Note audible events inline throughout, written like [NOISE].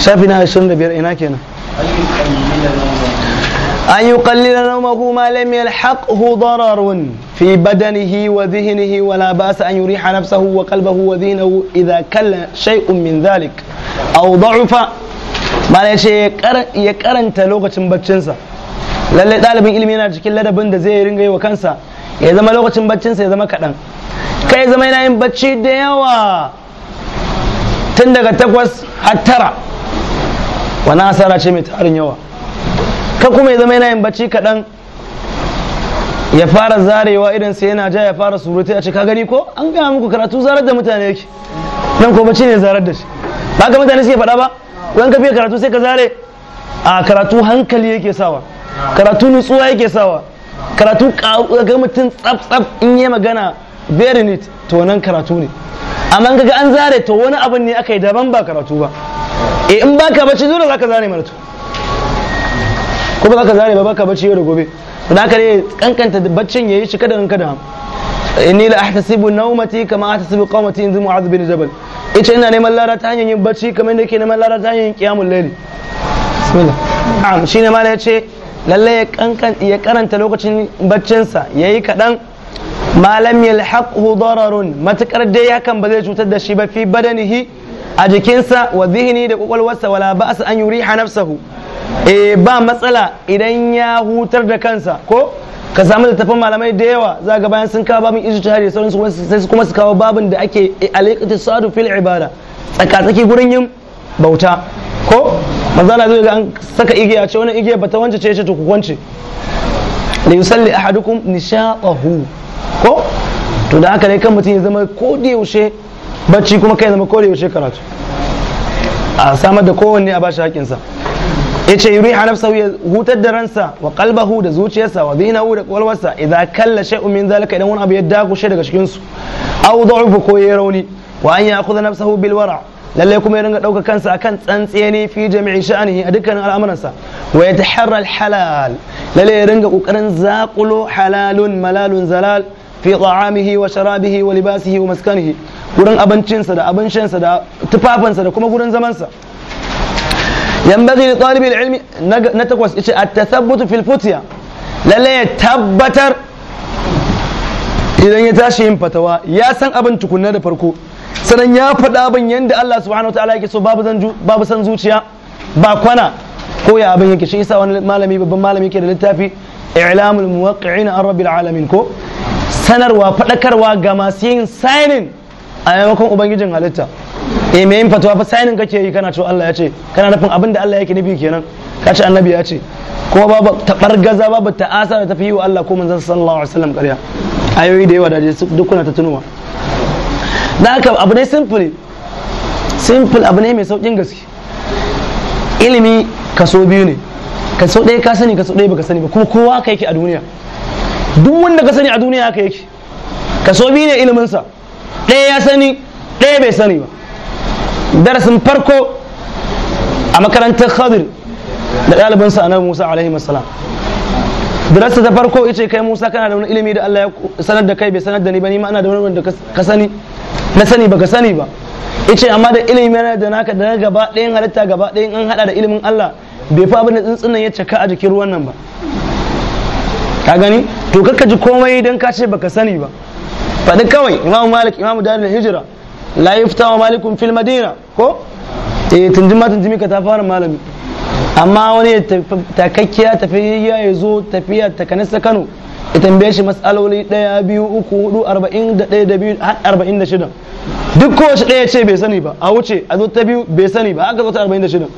safi na ashirin da biyar ina kenan an yi kallila na mahu malami alhaq hu dararun fi badanihi wa zihinihi wa labasa an yuri hanafsa hu wa kalba hu wa zihinahu idha kalla shay'un min zalik aw da'ufa malai ce ya karanta lokacin baccinsa lalle ɗalibin ilimi yana cikin ladabin da zai ringa yi wa kansa ya zama lokacin baccinsa ya zama kaɗan kai zama yana yin bacci da yawa tun daga takwas har tara wani asara ce mai tarin yawa ka kuma ya zama yana yin bacci kaɗan ya fara zarewa idan sai yana ja ya fara surutai a cika gani ko an gaya muku karatu zarar da mutane yake nan ko bacci ne zarar da shi ba ka mutane suke faɗa ba ko ka fiye karatu sai ka zare a karatu hankali yake sawa karatu nutsuwa yake sawa karatu ga mutum tsaf tsaf in yi magana very neat to wannan karatu ne amma ga an zare to wani abin ne aka yi daban ba karatu ba e in baka bacci dole zaka zare mana to ko ba zaka zare ba baka bacci yau da gobe da haka ne kankanta baccin yayi shi kada kada inni la ahtasibu nawmati kama ahtasibu qawmati in mu'adh bin jabal ita ina neman lara ta hanyar yin bacci kamar yadda ke neman lara ta hanyar yin qiyamul layli bismillah ne shine mala ya lalle ya kankan ya karanta lokacin baccinsa yayi kadan malam yalhaqhu hudararun matakar dai hakan ba zai cutar da shi ba fi badanihi a jikinsa wa zihini da kwakwalwarsa wala ba ba'sa an yuriha nafsahu e ba matsala idan ya hutar da kansa ko ka samu littafin malamai da yawa za ga bayan sun kawo babin izu tare sauransu sai kuma su kawo babin da ake alaikata sadu fil ibada tsakatsaki gurin yin bauta ko na zai ga an saka igiya ce wani igiya bata wance ce ce to da yusalli ahadukum nishaqahu ko to da haka ne kan mutum ya zama ko yaushe bacci kuma kai zama ko yaushe karatu a samar da kowanne a bashi haƙinsa ya ce yuri hanaf sau ya hutar da ransa wa kalbahu da zuciyarsa wa zina wu da kwalwarsa idan kalla shai min zalika idan wani abu ya dakushe daga cikinsu. su aw da'ufu ko ya rauni wa an kuza nafsahu bil wara' lalle kuma ya ringa ɗauka kansa akan tsantseni fi jami'i sha'ani a dukkanin al'amuransa wa ya taharra halal lalle ya ringa kokarin zaqulo halalun malalun zalal fi ta'amihi wa sharabihi wa libasihi wa maskanihi gurin abincinsa da abin shansa da tufafinsa da kuma gurin zamansa yanbaghi li talibi ilmi na takwas yace at-tathabbut fil futya lalle ya tabbatar idan ya tashi yin fatawa ya san abin tukunna da farko sanan ya faɗa ban yanda Allah subhanahu wataala yake so babu babu san zuciya ba kwana ko ya abin yake shi isa wani malami babban malami ke da littafi i'lamul muwaqqi'in an rabbil alamin ko sanarwa faɗakarwa ga masu yin signing a maimakon ubangijin halitta eh me yin fatuwa fa signing kake yi kana cewa Allah ya ce kana nufin abin da Allah yake nufi kenan ka ce annabi ya ce kuma babu gaza babu ta'asa da tafi yi wa Allah ko manzon sallallahu alaihi wasallam ƙarya ayoyi da yawa da duk kuna ta tunuwa na haka abu ne simple simple abu ne mai saukin gaske ilimi kaso biyu ne kaso ɗaya ka sani kaso ɗaya baka sani ba kuma kowa ka yake a duniya duk wanda ka sani a duniya ka yake kaso biyu ne iliminsa ɗaya ya sani ɗaya bai sani ba darasin farko a makarantar khadir da ɗalibinsa annabi musa alaihi salam darasa ta farko ita kai musa kana da wani ilimi da allah ya sanar da kai bai sanar da ni ba ni ma ana da wani wanda ka sani na sani baka sani ba yace amma da ilimin da naka da gaba ɗayan halitta gaba ɗayan an hada da ilimin Allah bai fi abin da tsuntsun ya caka a jikin ruwan nan ba ka gani to kakka ji komai idan ka ce baka sani ba faɗi kawai imamu malik imamu dalil hijira la yufta wa malikum fil madina ko eh tunjima tunjimi ka ta fara malami amma wani takakkiya tafiya ya zo tafiya ta Kano ya tambaye shi matsaloli ɗaya biyu uku hudu arba'in da ɗaya da biyu har arba'in da shidan duk kowace ɗaya ce bai sani ba a wuce a zo ta biyu bai sani ba haka zo ta arba'in da shidan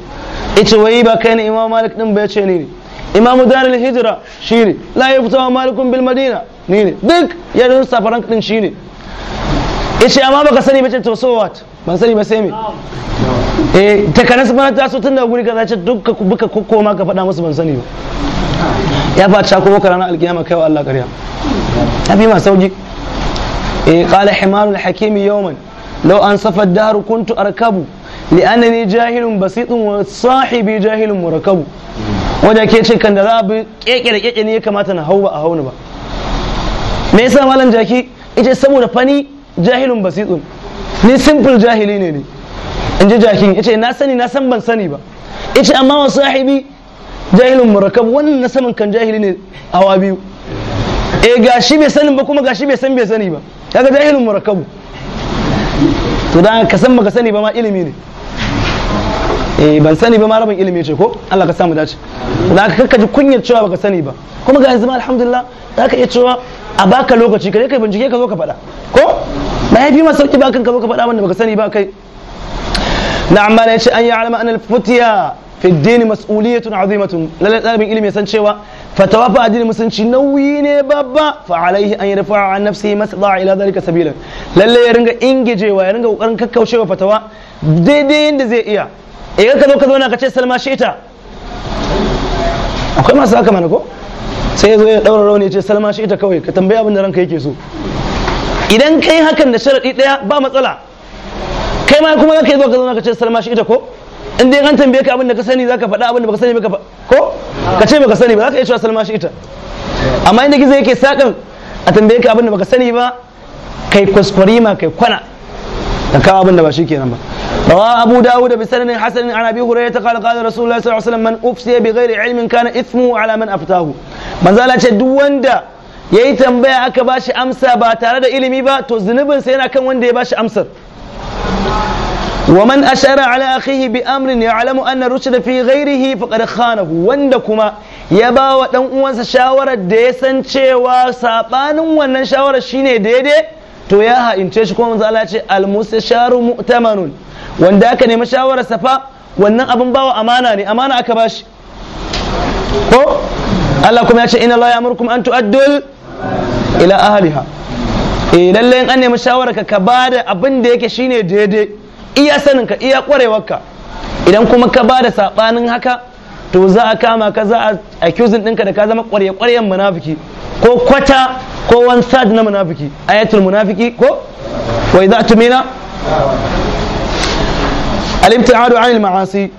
ya ce wai ba kai ne imam malik ɗin bai ce ni ne imam al-darin hijira shi ne la ya fito malikun bil madina ni ne duk ya zo safaran ɗin shi ne ya ce amma baka sani ba ce to so what ban sani ba sai me eh takanas ba ta so tun da guri kaza ce duka ka buka kokkoma ka faɗa musu ban sani ba ya fa ta kuma ranar alkiyama kai wa Allah ƙarya ta fi masu sauki eh qala himarul hakimi yawman lau an safa daru kuntu arkabu lianani jahilun basitun wa sahibi jahilun murakabu wanda ke ce kan da za a bi keke da ne ya kamata na hau ba a hauna ba me yasa malam jaki ita saboda fani jahilun basitun ni simple jahili ne ne in ji jakin ita na sani na san ban sani ba ita amma wa sahibi jahilin murakab wannan na saman kan jahili ne awa biyu eh, Ga gashi bai sanin ba kuma gashi bai san bai sani ba kaga jahilin murakkab to dan ka san baka sani ba ma ilimi ne E! ban sani ba ma rabin ilimi ce ko Allah ka samu dace za ka kakkaji kunyar cewa baka sani ba kuma ga yanzu ma alhamdulillah za ka iya cewa a baka lokaci kare kai bincike ka zo ka faɗa ko ba ya fi ma sauki ba kan ka zo ka faɗa wanda baka sani ba kai na'am ma ya ce an yi alama an alfutiya fi dini mas'uliyatun azimatun lalabin ilimi san cewa fatawa fa addinin musulunci nauyi ne babba fa alaihi an yarfa an nafsi masda ila zalika sabilan lalle ya ringa ingijewa ya ringa kokarin kakkaucewa fatawa daidai yanda zai iya idan ka zo ka zauna ka ce salma shita akwai masu haka mana ko sai ya zo ya daura rauni ya ce salma shita kawai ka tambaya abin da ranka yake so idan kai hakan da sharadi daya ba matsala kai ma kuma zaka yi zo ka zauna ka ce salma shita ko in dai an tambaye ka abin da ka sani zaka faɗa abin da baka sani ba ko ka ce baka sani ba zaka iya cewa salma shi ita amma inda gizo yake sakan a tambaye ka abin da baka sani ba kai kwaskwarima kai kwana ka kawo abin da ba shi kenan ba Abu dawud أبو داود hasan an abi أبي ta قال قال رسول sallallahu alaihi wasallam man ufsiya bi ghairi ilmin kana ithmu ala man aftahu. أفتاه من ce duk wanda yayi tambaya aka bashi amsa ba tare da ilimi ba to zunubin sai yana kan wanda ya bashi amsar ومن أشار على أخيه بأمر يعلم أن رشد في غيره فقد خانه wanda kuma ya bawa ɗan uwansa shawarar da ya san cewa saɓanin wannan shawarar shine daidai to ya ha'ince shi kuma manzo Allah ce al-mustasharu mu'tamanun wanda aka nemi shawarar wannan abin bawa amana ne amana aka bashi ko Allah kuma ya ce inna Allah ya'murukum an tu'addul ila ahliha eh lalle an nemi shawarar ka ka bada abin da yake shine daidai iya saninka iya kwarewarka idan kuma ka ba da saɓanin haka to za a kama ka za a accusing ɗinka da ka zama kwarye kwaryen munafiki ko kwata ko one third na munafiki ayatul munafiki ko wai za tumina al-ibtihadu 'anil ma'asi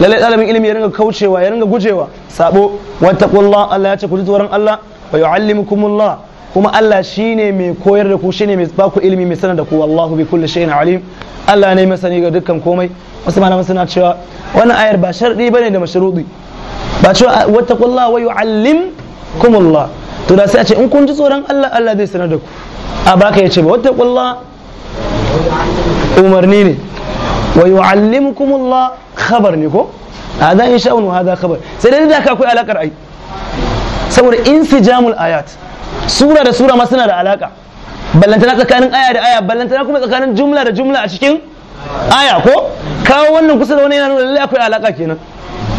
lalle ɗalibin ilimi ya ringa kaucewa ya ringa gujewa sabo wattaqullah Allah ya ce ku ji tsoron Allah wa yu'allimukumullah kuma Allah shine mai koyar da ku shine mai baku ilimi mai sanar da ku wallahu bi kulli shay'in alim Allah ne masani ga dukkan komai wasu malaman suna cewa wannan ayar ba sharɗi bane da mashrudi ba cewa wattaqullaha wa yu'allimkumullah to da sai a ce in kun ji tsoron Allah Allah zai sanar da ku a baka yace ba wattaqullaha umarni ne wa yu'allimkumullah khabar ne ko hada insha'un wa hada khabar sai dai da ka akwai alakar ai saboda insijamul ayat sura da sura ma suna da alaka ballantana tsakanin aya da aya ballantana kuma tsakanin jumla da jumla a cikin aya ko kawo wannan kusa da wani yana nuna lallai akwai alaka kenan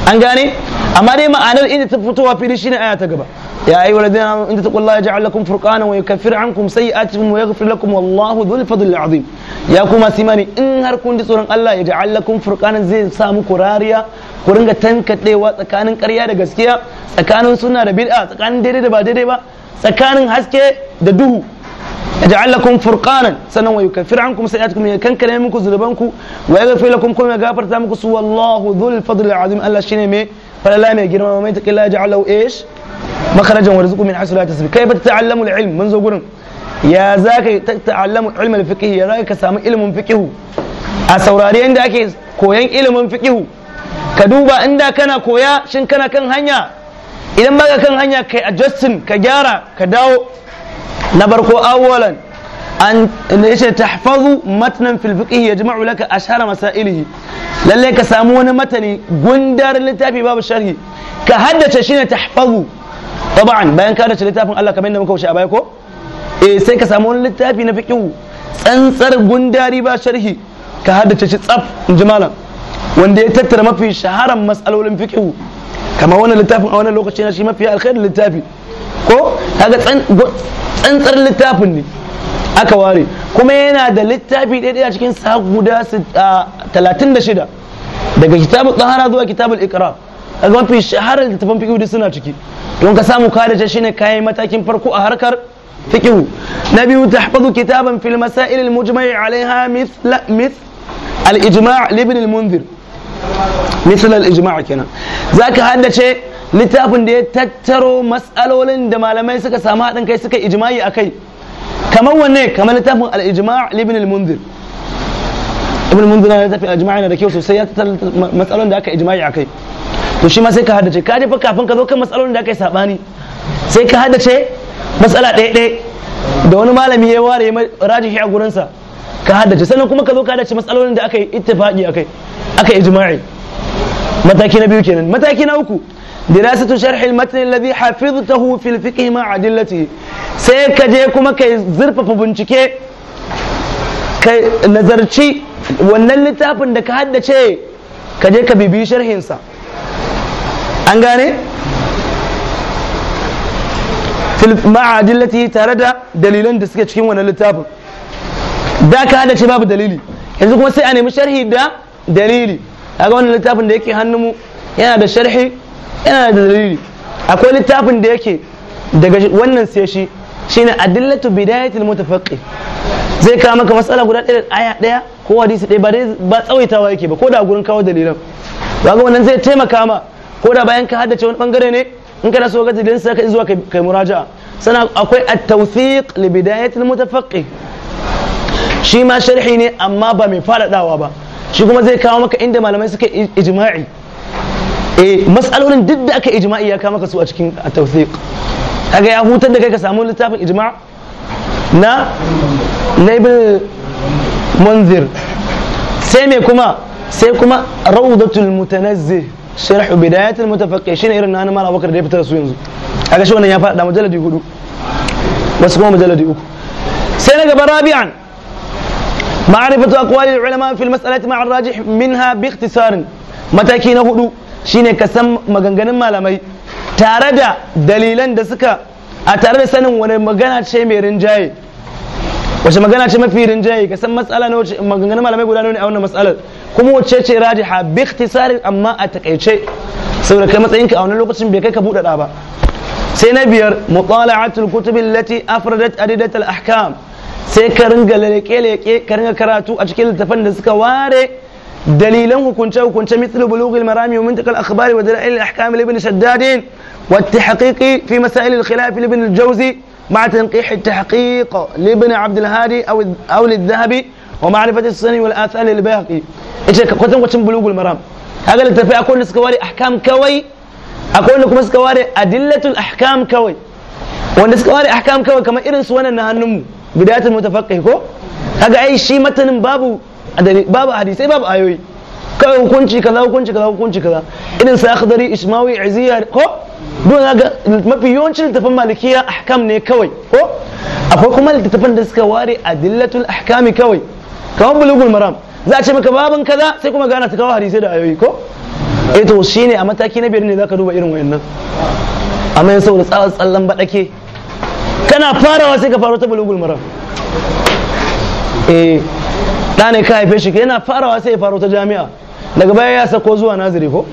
an gane amma dai ma'anar inda ta fitowa fili shine aya ta gaba ya ayi waladina in taqullaha yaj'al lakum furqana wa yukaffir ankum sayi'atikum wa yaghfir lakum wallahu dhul fadli azim ya kuma simani in har kun ji tsoron Allah ya ja'al lakum furqana zai sa muku rariya ku ringa tankadewa tsakanin ƙarya da gaskiya tsakanin sunna da bid'a tsakanin daidai da ba daidai ba tsakanin haske da duhu ja'alakum furqanan sannan wa yukaffir ankum sayi'atukum ya kankare muku zunubanku wa yaghfir lakum kuma ya gafarta muku su wallahu dhul fadl azim Allah shine mai falala mai girma mai taqilla ja'alahu ish makharajan warzuqu min hasula tasbih kai ba ta'allamu al-ilm mun zo gurin ya zaka ta'allamu ilm al-fiqh ya zaka ka samu ilmin fiqh a saurari inda ake koyan ilmin fiqh ka duba inda kana koya shin kana kan hanya idan baka kan hanya kai adjustin ka gyara ka dawo na barko awalan an yace tahfazu matnan fil fiqh yajma'u laka ashara masailihi lalle ka samu wani matani gundar littafi babu sharhi ka haddace shi shine tahfazu taban bayan ka haddace littafin Allah kamar yadda muka wuce a baya ko eh sai ka samu wani littafi na fiqh tsantsar gundari ba sharhi ka haddace shi tsaf in ji malam wanda ya tattara mafi shaharan mas'alolin fiqh kamar wannan littafin a wannan lokaci na shi mafi alkhairin littafi ko kaga tsantsar littafin ne aka ware kuma yana da littafi ɗaya a cikin sa guda 36 daga kitabu tsahara zuwa kitabul ikra kaga mafi shaharar littafin fiqh suna ciki don ka samu kare shine kayan matakin farko a harkar na فقه نبي تحفظ mujma'i alaiha mujma'i المجمع al ijma' li ibn al المنذر misalar al-ijma' kenan ka haddace littafin da ya tattaro mas'alolin da malamai suka samu haɗin kai suka ijma'i kai. kamar wanne kamar littafin al-ijma' ibn al-munzir ibn munzir na littafin al-ijma' yana da kyau sosai ya tattara mas'alolin da aka ijma'i kai. to shi ma sai ka haddace ka jefa fa kafin ka zo kan matsalolin da aka yi saɓani sai ka haddace matsala ɗaya ɗaya da wani malami ya ware rajihi a gurinsa ka haddace sannan kuma ka zo ka haddace matsalolin da aka yi ittifaqi akai aka ijma'i mataki na biyu kenan mataki na uku دراسة شرح المتن الذي حفظته في الفقه مع أدلته سيكا جي kuma كي zurfafa bincike ka nazarci wannan littafin da ka haddace ka je ka bibi sharhinsa an gane ma'adillati tare da dalilan da suke cikin wannan littafin da ka hada ce babu dalili yanzu kuma sai a nemi sharhi da dalili kaga wannan littafin da yake hannunmu yana da sharhi yana da dalili akwai littafin da yake daga wannan sai shi shine adillatu bidayatil mutafaqqi zai kawo maka matsala guda ɗaya aya ɗaya ko hadisi ɗaya ba ba tsawaitawa yake ba ko da gurin kawo dalilan kaga wannan zai taimaka ma ko da bayan ka haddace wani bangare ne in kana so ga dalilin sai ka zuwa kai muraja'a sana akwai at-tawthiq li bidayatil mutafaqqi shi ma sharhi ne amma ba mai faɗaɗawa ba shi kuma zai kawo maka inda malamai suka ijma'i eh matsalolin duk da aka ijma'i ya kawo maka su a cikin tawfiq kaga ya hutar da kai ka samu littafin ijma' na na ibn munzir sai me kuma sai kuma rawdatul mutanazzih sharh bidayatul mutafaqqih shine irin nan malam bakar da ya fitar su yanzu kaga shi wannan ya faɗaɗa mujalladi hudu wasu kuma mujalladi uku sai na gaba rabi'an معرفة أقوال العلماء في المسألة مع الراجح منها باختصار متاكي نهدو shine ka maganganun malamai tare da dalilan da suka a tare da sanin wani magana ce mai rinjaye wace magana ce mafi rinjaye ka na wace maganganun malamai guda ne a wannan matsalar kuma wace ce rajiha bi ikhtisarin amma a takaice saboda kai matsayin ka a lokacin bai ka buɗaɗa ba sai na biyar mutala'atul kutubi allati afradat adidat ahkam sai ka ringa leke-leke ka ringa karatu a cikin littafan da suka ware dalilan hukunce-hukunce mithlu bulughil marami wa mintakal akhbari wa dalail al ibn shaddadin wa at fi masail al-khilaf ibn al-jawzi مع تنقيح التحقيق لابن عبد الهادي او او للذهبي ومعرفه السنن والاثار للباقي ita ka kwatan kwacin bulugul maram kaga littafi akwai wanda suka ware ahkam kawai akwai wanda kuma suka ware adillatul ahkam kawai wanda suka ware kamar irin su wannan na bidayatul mutafaqqih ko kaga ai shi matanin babu babu hadisai babu ayoyi kai hukunci kaza hukunci kaza hukunci kaza irin sa akhdari ismawi iziya ko don ga mafi yawancin littafin malikiya ahkam ne kawai ko akwai kuma littafin da suka ware adillatul ahkami kawai kamar bulugul maram za a ce maka babin kaza sai kuma gana ta kawo hadisi da ayoyi ko eh to shine a mataki na biyar ne zaka duba irin wayannan amma yanzu tsawon tsallan baɗake kana farawa sai ka faro ta bulugul maram eh da ne ka haife shi yana farawa sai ya faro ta jami'a daga baya ya sako zuwa naziri ko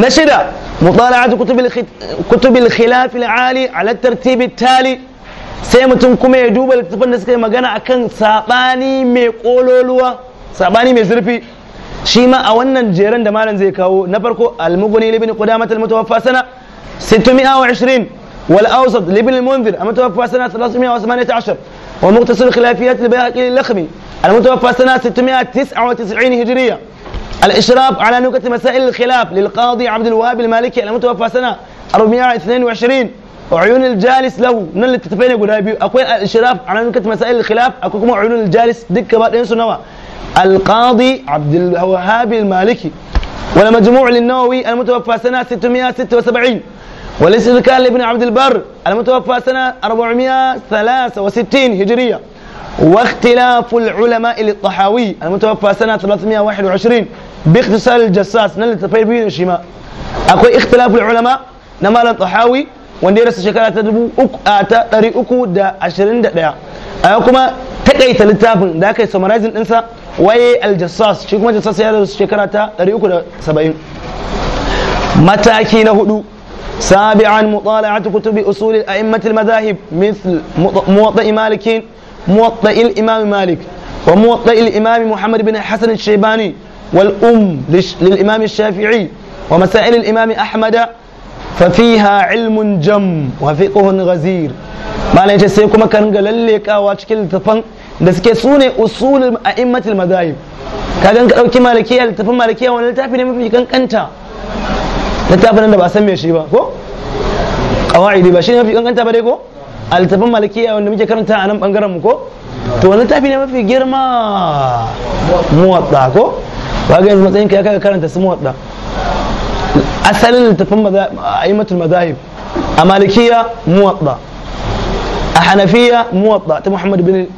na shida mutala'atu kutubil khilaf al-ali ala tali sai mutum kuma ya duba littafin da suka yi magana akan sabani mai kololuwa sabani mai zurfi شيما ma جيران wannan jeren da malam zai kawo na farko almuguni libin 620 والاوسط لابن المنذر المتوفى سنه 318 ومقتصر الخلافيات البيهقي اللخمي المتوفى سنه 699 هجريه الاشراف على نكت مسائل الخلاف للقاضي عبد الوهاب المالكي المتوفى سنه 422 وعيون الجالس له من اللي تتفين يا اكو الاشراف على نكت مسائل الخلاف اكو كما عيون الجالس دكه بعد انسوا نوا القاضي عبد الوهاب المالكي والمجموع للنووي المتوفى سنة 676 والاستذكار لابن عبد البر المتوفى سنة 463 هجرية واختلاف العلماء للطحاوي المتوفى سنة 321 باختصار الجساس نل تفير بين الشماء أكو اختلاف العلماء نمال الطحاوي وندرس ya rasa shekara أتا dubu دا ta دا, uku da ashirin da ɗaya a kuma waye aljassas shi kuma jassas ya rasu shekara ta 370 mataki na hudu سابعا مطالعة كتب أصول أئمة المذاهب مثل موطئ مالك موطئ الإمام مالك وموطئ الإمام محمد بن حسن الشيباني والأم للإمام الشافعي ومسائل الإمام أحمد ففيها علم جم وفقه غزير ما لا كان قال لك أو تفن da suke sune usulul a'immatul madhahib kaga ka dauki malikiya littafin malikiya wani littafi ne mafi kankanta littafin da ba san me shi ba ko qawaidi ba shi ne mafi kankanta ba dai ko a littafin malikiya wanda muke karanta a nan bangaren mu ko to wani littafi ne mafi girma muwatta ko ba ga yanzu matsayin ka ya kaga karanta su muwatta asalin littafin a'immatul madahib a malikiya muwatta a hanafiya muwatta ta muhammad bin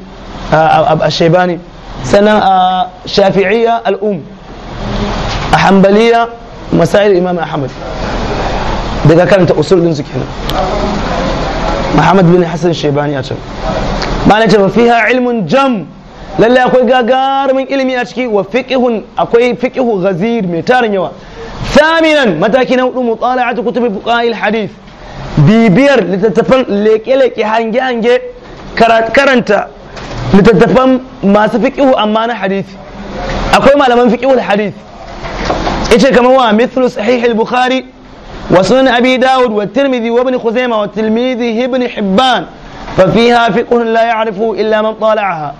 a shaibani sannan a shafi'iyya al'um a hambaliya masayar imam ahmad daga karanta usul din muhammad bin hassan shaibani a can ma'ana ce fiha jam lallai akwai gagarumin ilimi a ciki wa fiqihun akwai fiqihu ghazir mai tarin yawa thaminan matakin na hudu mutala'atu kutubi fuqahil hadith bibiyar litattafan leke-leke hange-hange karanta littattafan masu fiƙihu amma na hadith akwai malaman hadithi hadith yace kamar wa mithlu sahih al-bukhari wa sunan abi dawud wa tirmidhi wa ibn khuzaimah wa tirmidhi ibn hibban fa fiha fiqhun la ya'rifu illa man tala'aha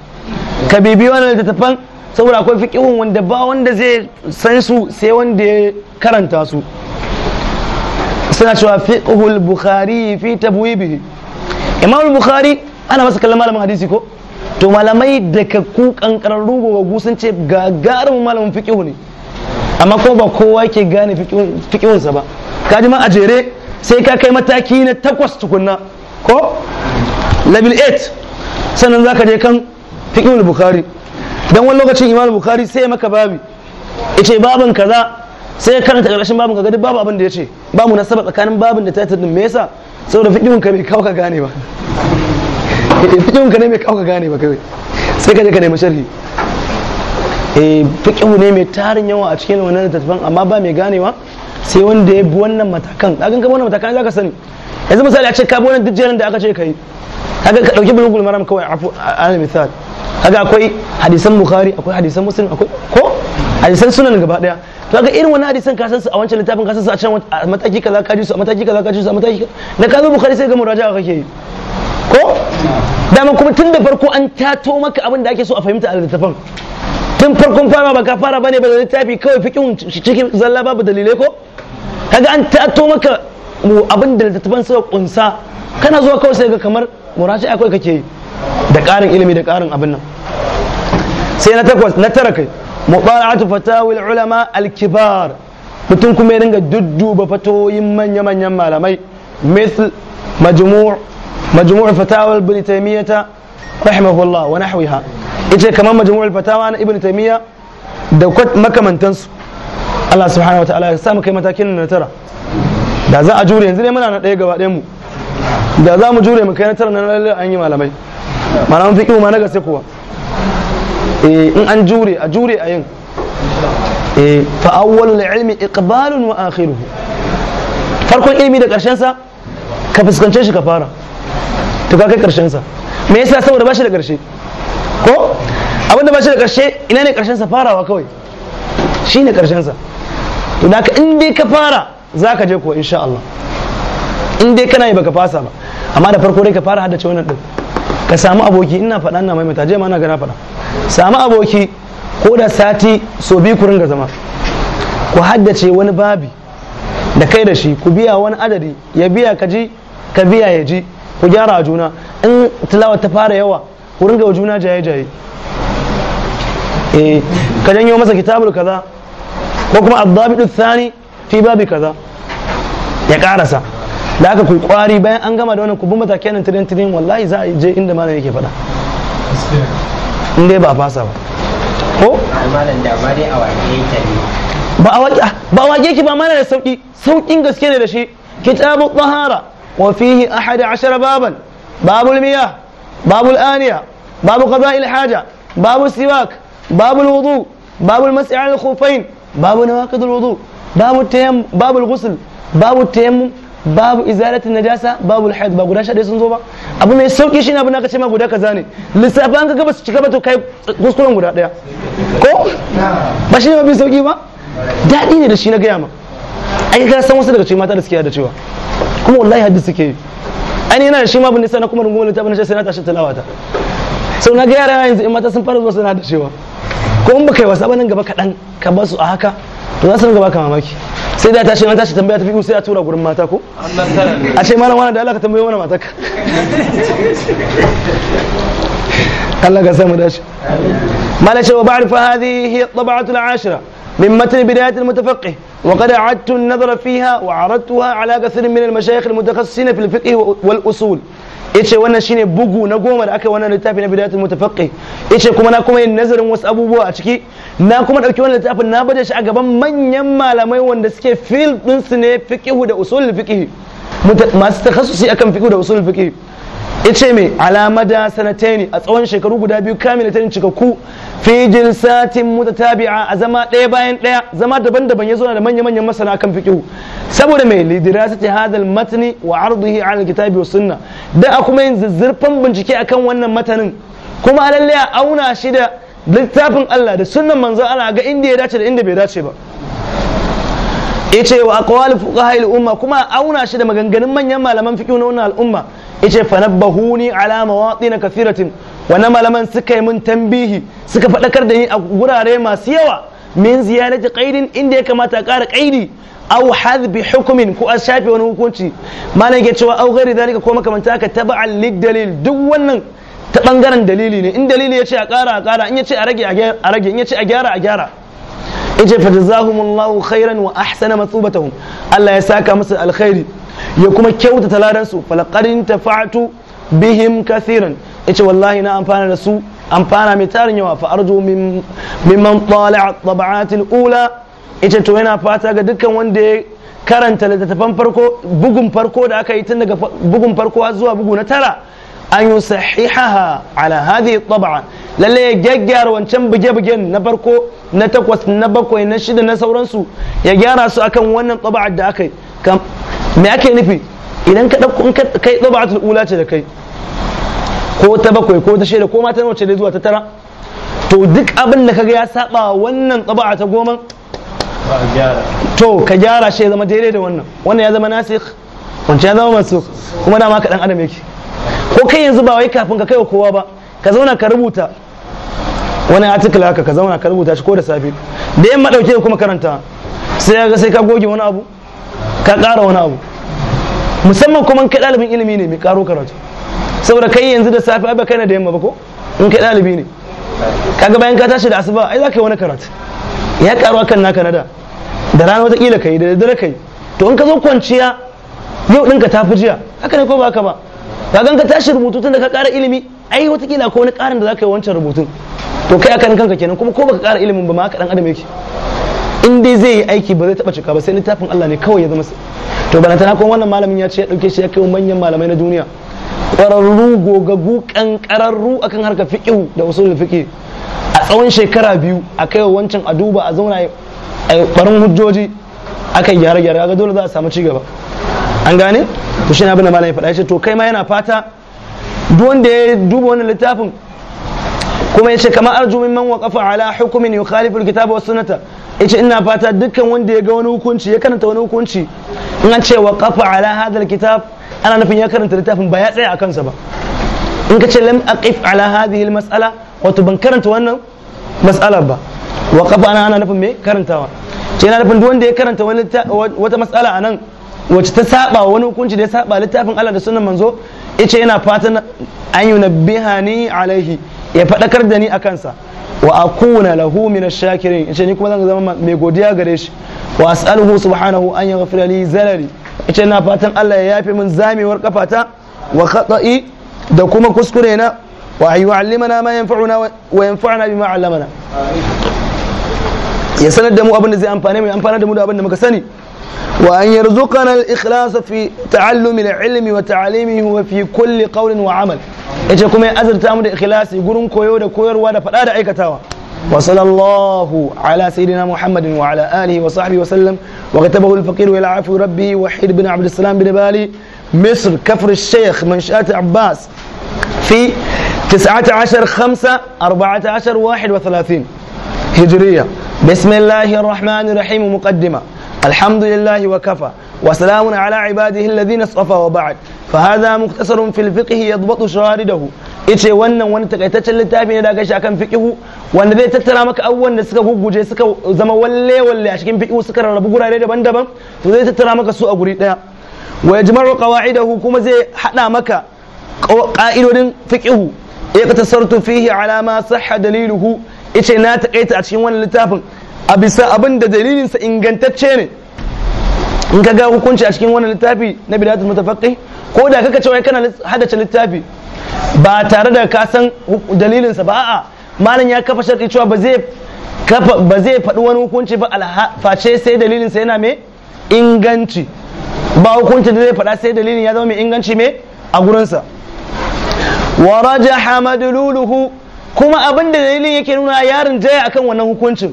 bibi wannan littattafan saboda akwai fiqihun wanda ba wanda zai san su sai wanda ya karanta su suna cewa fiqhul bukhari fi tabwibihi imam bukhari ana masa kallon malamin hadisi ko to malamai daga ku kankararru wa sun ce gagarumin malamin fiqihu ne amma ko ba kowa ke gane fikihunsa ba ka ji ma a jere sai ka kai mataki na takwas tukunna ko level 8 sannan za ka je kan fikihul bukhari dan wani lokacin imam bukhari sai maka babi yace babin kaza sai kan ta karshen babin kaga duk babu abin da yace ba mu nasaba tsakanin babin da ta tadin me yasa saboda fikihun ka bai kawo ka gane ba fiqhun ka ne mai kauka gane ba kai sai ka je ka nemi sharhi eh fiqhu ne mai tarin yawa a cikin wannan tattafan amma ba mai ganewa sai wanda ya bi wannan matakan kagan ka wannan matakan zaka sani yanzu misali a ce ka bi wannan dijiyar da aka ce kai kaga ka dauki bulugul maram kawai afu alal misal kaga akwai hadisan bukhari akwai hadisan muslim akwai ko hadisan sunan gaba daya to kaga irin wannan hadisan ka san su a wancan littafin ka san su a can mataki kaza ka ji su a mataki kaza ka ji su a mataki na ka zo bukhari sai ga muraja'a kake yi ko dama kuma tun da farko an tato maka abin da ake so a fahimta a littafin tun farkon fara ba ka fara bane ba da littafi kawai fikin cikin zalla babu dalilai ko kaga an tato maka abin da littafin suka kunsa kana zuwa kawai sai ga kamar murashi akwai kake yi da ƙarin ilimi da karin abin nan sai na takwas na tara kai mubara'atu fatawil ulama al-kibar mutum kuma ya dinga dudduba fatoyin manya-manyan malamai misl majmu' مجموع فتاوى ابن taymiyyah رحمه wa ونحوها yace kamar مجموع الفتاوى na ibn taymiyyah da makamantansu Allah subhanahu wa ta'ala ya sa mu matakin na tara da za a jure yanzu ne muna na ɗaya gaba ɗayan mu da za mu jure mu kai na tara na lalle an yi malamai malaman fiqh ma na gaske kuwa eh in an jure a jure a yin eh fa awwalul ilmi iqbalun wa akhiruhu farkon ilmi da karshen sa ka fuskance shi ka fara to ka kai karshen sa me yasa saboda bashi da karshe ko abinda bashi da karshe ina ne karshen sa farawa kawai shine karshen sa to da in dai ka fara zaka je ko insha Allah in dai kana yi baka fasa ba amma da farko dai ka fara haddace wannan din ka samu aboki ina faɗa ina maimaita mutaje ma na gana faɗa samu aboki ko da sati so bi ku ringa zama ku haddace wani babi da kai da shi ku biya wani adadi ya biya ka ji ka biya ya ji ku gyara juna in tilawa ta fara yawa ku ringa wa juna jaye-jaye eh, ka janyo masa kitabul kaza ko kuma adzabidu thani fi babi kaza ya karasa da aka ku kwari bayan an gama da wannan ku bi kenan tirin tirin wallahi za a je inda malam yake faɗa in dai ba fasa ba ko ba a wake ah, ba malam da sauki saukin gaske ne da shi kitabu tahara وفيه أحد عشر بابا باب المياه باب الآنية باب قضاء الحاجة باب السواك باب الوضوء باب المسح على الخفين باب نواقض الوضوء باب التيم باب الغسل باب التيمم babu izalatin najasa babu alhaid ba guda sha ɗaya sun zo ba abu mai sauki shine abin da aka ce ma guda kaza ne lissafi an ka su cika guda ɗaya ko ba shine mafi sauki ba daɗi ne da shi na gaya ma ai ka san wasu daga cikin mata da suke da kuma wallahi hadisi ke an yana shi ma bin na kuma rungumar littafin na sai na tashi talawata sau na ga yara yanzu in mata sun fara zuwa suna da cewa ko in baka yi wasa ba nan gaba kaɗan ka ba su a haka to za su nan gaba ka mamaki sai da tashi na tashi tambaya ta fiƙu sai a tura gurin mata ko a ce malam wani da Allah ka tambaye mata ka [LAUGHS] Allah ka mu dace malam wa ba'rifa hadhihi at-tab'atu al-ashira من متن بداية المتفقه وقد أعدت النظر فيها وعرضتها على كثير من المشايخ المتخصصين في الفقه والأصول yace wannan shine bugu na goma da aka wannan littafi na bidayatul mutafaqqih yace kuma na kuma yin nazarin wasu abubuwa a ciki na kuma dauki wannan littafin na bada shi a gaban manyan malamai wanda suke field din su ne fiqh da usul fiqh masu takhassusi akan fiqh da usul fiqh Ice mai alamada sanataini a tsawon shekaru guda biyu kamilataini cikakku fi satin, mutatabi'a a zama ɗaya bayan ɗaya zama daban-daban ya zo da manya-manyan masana kan fiƙihu. saboda mai Lidira ce hadal matani wa ardihi a alkitabi wa sunna da a kuma yin zazzurfan bincike akan wannan matanin kuma a lalle a auna shi da littafin Allah da sunnan manzon Allah ga inda ya dace da inda bai dace ba yace wa aqwal fuqaha al umma kuma auna shi da maganganun manyan malaman fiqh na wannan al'umma yace fanabbahuni ala mawatin kathiratin wannan malaman suka yi mun tambihi suka faɗakar da ni a gurare masu yawa min ziyarati qaidin inda ya kamata ƙara qaidi aw hadbi hukumin ko a shafe wani hukunci malam yake cewa aw ghairi dalika ko makamanta haka lid dalil duk wannan ta bangaren dalili ne in dalili yace a ƙara a ƙara in ce a rage a rage in ce a gyara a gyara yace fa jazahumullahu khairan wa ahsana matsubatahum Allah ya saka musu alkhairi ya kuma kyautata ladan su ta fa'atu bihim ya ce wallahi na amfana da su amfana mai tarin yawa fa arju mimman a ula ce to yana fata ga dukkan wanda ya karanta littattafan farko bugun farko da aka yi tun daga bugun farko zuwa bugu na tara an yi sahihaha ala hadhihi tab'a lalle ya gyaggyara wancan buge-bugen na farko na takwas na bakwai na shida na sauransu ya gyara su akan wannan tab'a da aka yi me ake nufi idan ka dauko kai dabatul ula ce da kai ko ta bakwai ko ta shaida ko ma ta wace da zuwa ta tara to duk abin da kaga ya saba wannan tabaa ta goma to ka gyara shi ya zama daidai da wannan wannan ya zama nasikh wancan ya zama mansukh kuma dama ka dan adam yake ko kai yanzu ba wai kafin ka wa kowa ba ka zauna ka rubuta wani article haka ka zauna ka rubuta shi ko da safe da yamma dauke kuma karanta sai ga sai ka goge wani abu ka ƙara wani abu musamman kuma in ɗalibin ilimi ne mai ƙaro karatu saboda kai yanzu da safe ai baka na da yamma ba ko in ka ɗalibi ne kaga bayan ka tashi da asuba ai za ka yi wani karatu ya ƙaro akan naka na da da rana wataƙila ka yi da daddare ka yi to in ka zo kwanciya yau ɗinka ta fi jiya haka ne ko ba haka ba kaga in ka tashi rubutu tun da ka ƙara ilimi ai wataƙila ko wani ƙarin da za ka yi wancan rubutun to kai akan kanka kenan kuma ko baka ƙara ilimin ba ma haka ɗan adam yake in dai zai yi aiki ba zai taba cika ba sai littafin Allah ne kawai ya zama sa. to balantana kuma wannan malamin ya ce ya dauke shi ya kai manyan malamai na duniya Ƙwararru, gogaggu ƙanƙararru akan harka fiqh da usul fiqh a tsawon shekara biyu a kai wancan a duba a zauna a barin hujjoji aka yi gyare gyare ga dole za a samu cigaba. an gane to shi na abin da malamin faɗa ya ce to kai ma yana fata duk wanda ya duba wannan littafin kuma yace kama arju mimman waqafa ala hukmin yukhalifu alkitaba was sunnata yace ina fata dukkan wanda ya ga wani hukunci ya karanta wani hukunci in an ce waqafa ala hadha alkitab ana nufin ya karanta littafin ba ya tsaya a kansa ba in ka ce lam aqif ala hadhihi almas'ala wato ban karanta wannan mas'alar ba waqafa ana ana nufin me karantawa ce ina nufin duk wanda ya karanta wata mas'ala a nan wacce ta saba wani hukunci da ya saba littafin Allah da sunan manzo yace yana fata an yunabbiha ni alaihi ya faɗakar da ni a kansa wa kuna lahu min shakirin shakirin ce ni kuma zan zama mai godiya gare shi wa as'aluhu subhanahu an yaghfira li zalali ce na fatan Allah ya yafe min zamewar kafata wa khata'i da kuma kuskure na wa yu'allimana ma yanfa'una wa yanfa'ana bima 'allamana ya sanar da mu abin da zai amfane mu amfana da mu da abin da muka sani وأن يرزقنا الإخلاص في تعلم العلم وتعليمه وفي كل قول وعمل إيش كم أزر تامر الإخلاص يقولون كويور كوير وادا فلا دعي وصلى الله على سيدنا محمد وعلى آله وصحبه وسلم وكتبه الفقير إلى عفو ربي وحيد بن عبد السلام بن بالي مصر كفر الشيخ منشأة عباس في تسعة عشر خمسة أربعة عشر واحد وثلاثين هجرية بسم الله الرحمن الرحيم مقدمة الحمد لله وكفى وسلام على عباده الذين اصطفى وبعد فهذا مختصر في الفقه يضبط شوارده ice wannan wani takaitaccen littafi ne da aka akan fiqihu wanda zai tattara maka abubuwan da suka guguje suka zama walle walle a cikin fiqihu suka rarrabu gurare daban-daban to zai tattara maka su a guri daya wa yajmaru qawaidahu kuma zai hada maka ka'idodin fiqihu ya tasartu fihi ala ma sahha daliluhu ice na takaita a cikin wannan littafin a bisa abin da dalilinsa ingantacce ne in ka ga hukunci a cikin wannan littafi na bidatul mutafaqqi ko da kaka cewa kana hadace littafi ba tare da ka san dalilinsa ba a'a malam ya kafa sharti cewa ba zai ba faɗi wani hukunci ba face sai dalilinsa yana mai inganci ba hukunci da zai faɗa sai dalilin ya zama mai inganci mai a gurinsa wa rajaha kuma abin da dalilin yake nuna yarin jaya akan wannan hukuncin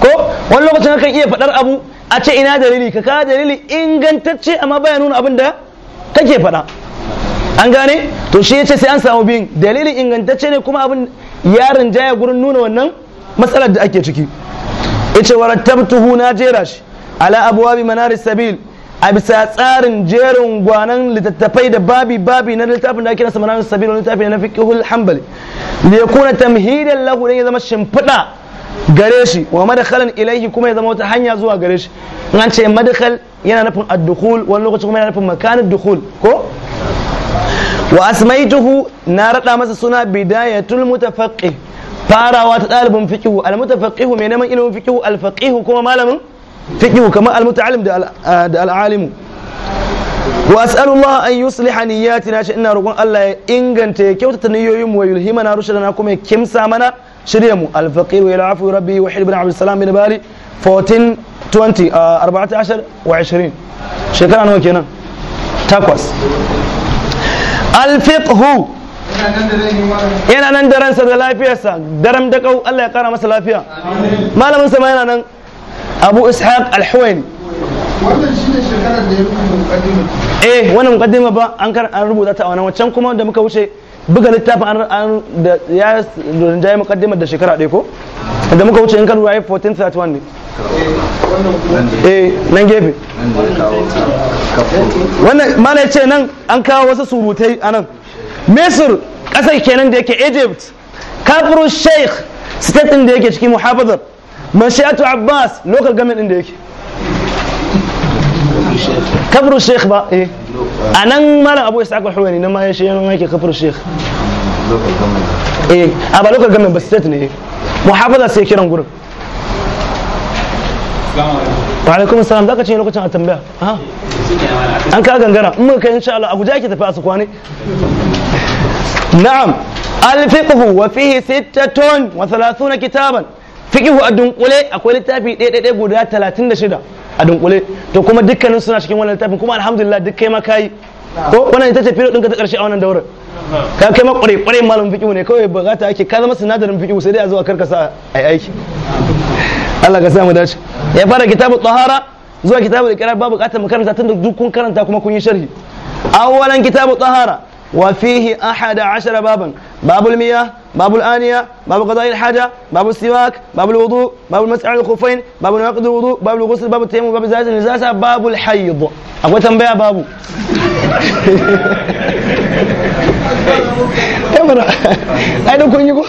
ko wani lokacin kan iya faɗar abu a ce ina dalili ka kawo dalili ingantacce amma baya nuna abin da kake faɗa an gane to shi ya ce sai an samu biyun dalilin ingantacce ne kuma abin yaron jaya gurin nuna wannan matsalar da ake ciki yace warattabtuhu na jera shi ala bi manar sabil a bisa tsarin jerin gwanan littattafai da babi babi na littafin da ake nasa manar sabil littafi na fiqhul hanbali ya kuna tamhidan lahu ya zama shimfiɗa gare shi wa madakhalan ilaihi kuma ya zama wata hanya zuwa gare shi in an ce madakhal yana nufin ad-dukhul wani lokaci kuma yana nufin makanin dukhul ko wa asmaituhu na rada masa suna bidayatul mutafaqqi farawa ta dalibin fiqhu al-mutafaqqih mai neman ilimin fiqhu al faqihu kuma malamin fiqhu kamar al-muta'allim da al-alimu واسال ina ان allah ya inganta رغون kyautata ينغنت يكوتت نيويم ويلهمنا kuma ya kimsa mana. shirya mu alfaqir wa afu rabbi wa hilbin abdul salam bin Bari 1420 14 wa 20 shekara nawa kenan takwas alfiqhu yana nan da ransa da lafiyarsa daram da kau Allah ya kara masa lafiya malamin sa yana nan Abu Ishaq Al-Huwaini wannan shine shekarar da ya rubuta muqaddima eh wannan muqaddima ba an rubuta ta a wannan wancan kuma da muka wuce buga littafin an da ya rinjaye mukaddimar da shekara ɗaya ko da muka wuce in ka lura 1431 ne eh nan gefe wannan mana ya ce nan an kawo wasu surutai a nan misir ƙasar kenan da yake egypt kafirun sheikh state ɗin da yake cikin muhafazar mashiatu abbas local government ɗin da yake kafirun sheikh ba eh a nan mara abu isa akwai huwani na ma ya shi yanon yake kafar sheikh eh a ba lokal gamin ba state ne muhafaza sai kiran gurin wa alaikum salam zaka ce lokacin a tambaya an ka gangara in muka kai insha Allah a guje ake tafi a su kwane na'am al-fiqhu wa fihi sittatun wa thalathuna kitaban fiqhu a dunkule akwai littafi ɗaya ɗaya guda 36 a dunkule to kuma dukkanin suna cikin wannan littafin kuma alhamdulillah duk kai ma kai ko wannan ita ce filo ɗinka ta ƙarshe a wannan daurar ka kai ma ƙware ƙware malam fiƙi ne kawai ta ake ka zama sinadarin fiƙi sai dai a zo a karkasa a aiki Allah ka samu dace ya fara kitabu tahara zuwa kitabu da kira babu ƙatar mu karanta tun da duk kun karanta kuma kun yi sharhi awwalan kitabu tahara وفيه أحد عشر بابا باب المياه باب الآنية باب قضاء الحاجة باب السواك باب الوضوء باب المسعى الخفين باب نقض الوضوء باب الغسل باب التيمم باب زائد النزاسة باب الحيض أقول تنبيه بابو [LAUGHS] أين كن يقول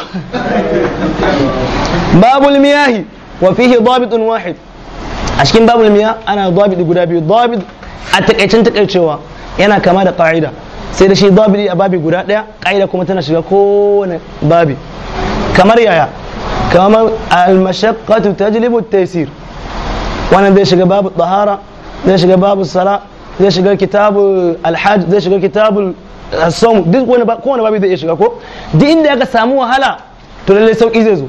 باب المياه وفيه ضابط واحد أشكين باب المياه أنا ضابط قدابي ضابط أتكيتن تكيتشوا أنا كما قاعدة sai da shi babili a babi guda daya ƙa'ida kuma tana shiga kowane babi kamar yaya kamar al-mashaqqatu tajlibu at-taysir wannan zai shiga babu tahara zai shiga babu sala zai shiga kitabu al-hajj zai shiga kitabu as-sawm duk wani kowane babi zai shiga ko duk inda aka samu wahala to lalle sauki zai zo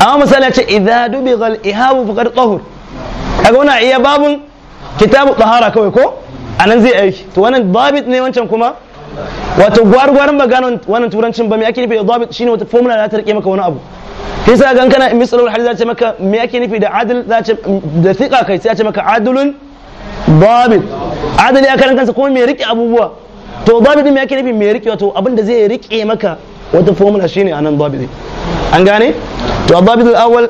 amma misali ce idza dubigha al-ihabu faqad qahur kaga wani iya babun kitabu tahara kawai ko a nan zai aiki to wannan dabit ne wancan kuma wato gwargwaran magana wannan turancin ba me ake nufi da dabit shine wata formula da ta rike maka wani abu sai sai gan kana misalul hadith za ta maka me ake nufi da adil za ta da thiqa kai sai ta maka adilun dabit adali ya karan kansa kuma me rike abubuwa to dabit me ake nufi me rike wato abinda da zai rike maka wata formula shine anan dabit an gane to dabit al-awwal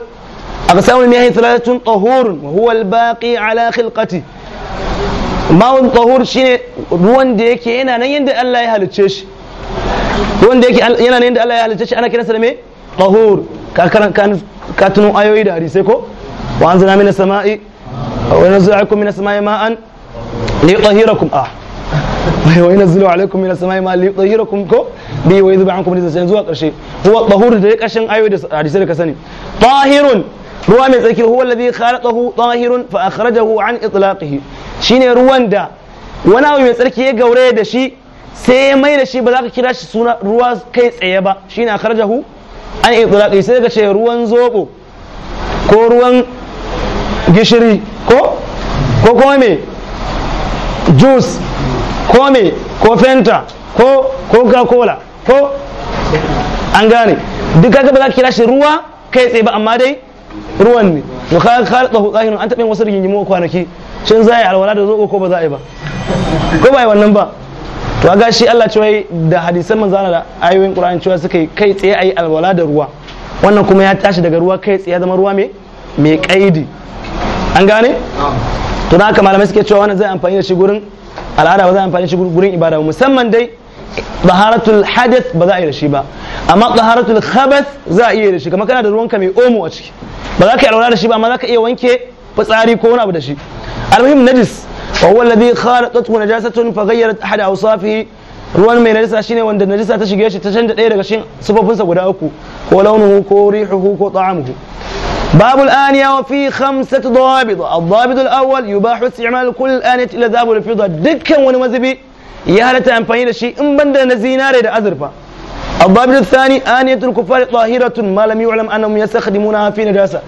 thalathatun tahurun wa huwa al baqi ala khilqati ma'un tahur shine ruwan da yake yana nan yadda Allah ya halicce shi ruwan da yake yana nan yadda Allah ya halicce shi ana kiransa da me tahur ka ka tuno ayoyi da hadisai ko wa zina mina sama'i wa yanzu'akum mina sama'i ma'an li tahirakum ah وينزل عليكم من السماء ماء ليطهركم كو بي ويذبح عنكم رجس zuwa karshe huwa tahur da ya kashin ayoyi da hadisai da ka sani tahirun ruwa mai tsarki huwa alladhi khalaqahu tahirun fa akhrajahu an itlaqihi shine ruwan da wani abu mai tsarki ya gaure da shi sai ya mai da shi ba za ka kira shi suna ruwa kai tsaye ba shine akhrajahu an itlaqihi sai ka ce ruwan zobo ko ruwan gishiri ko ko kuma me juice ko me ko fenta ko coca cola ko an gane duk kaga ba za ka kira shi ruwa kai tsaye ba amma dai ruwan ne mu ka da ku kahin an taɓa wasu rigingimu kwanaki shin za a yi alwala da zo ko ba za a yi ba ko ba yi wannan ba to ga shi Allah cewa da hadisan manzana da ayoyin Qur'ani cewa suka yi kai tsaye ayi alwala da ruwa wannan kuma ya tashi daga ruwa kai tsaye zama ruwa me mai kaidi an gane to da haka malamai suke cewa wannan zai amfani da shi gurin al'ada ba zai amfani da shi gurin ibada musamman dai taharatul hadath ba za a yi da shi ba amma taharatul khabath za a iya da shi kamar kana da ka mai omo a ciki ba za ka yi alwala da shi ba amma za ka iya wanke fitsari ko wani abu da shi almuhim najis wa huwa alladhi khalaqathu najasatun fa ghayyarat ahad awsafihi ruwan mai najisa shine wanda najisa ta shige shi ta canza ɗaya daga cikin sifofinsa guda uku ko launuhu ko rihuhu ko ta'amuhu باب الآنية وفي خمسة ضوابط الضابط الأول يباح استعمال كل آنية إلى ذهب والفضة دكا ونمزبي ya halatta amfani da shi in banda na zinare da azurfa abbab al-thani aniyatul kufar tahiratun ma lam yu'lam annahum yastakhdimuna fi da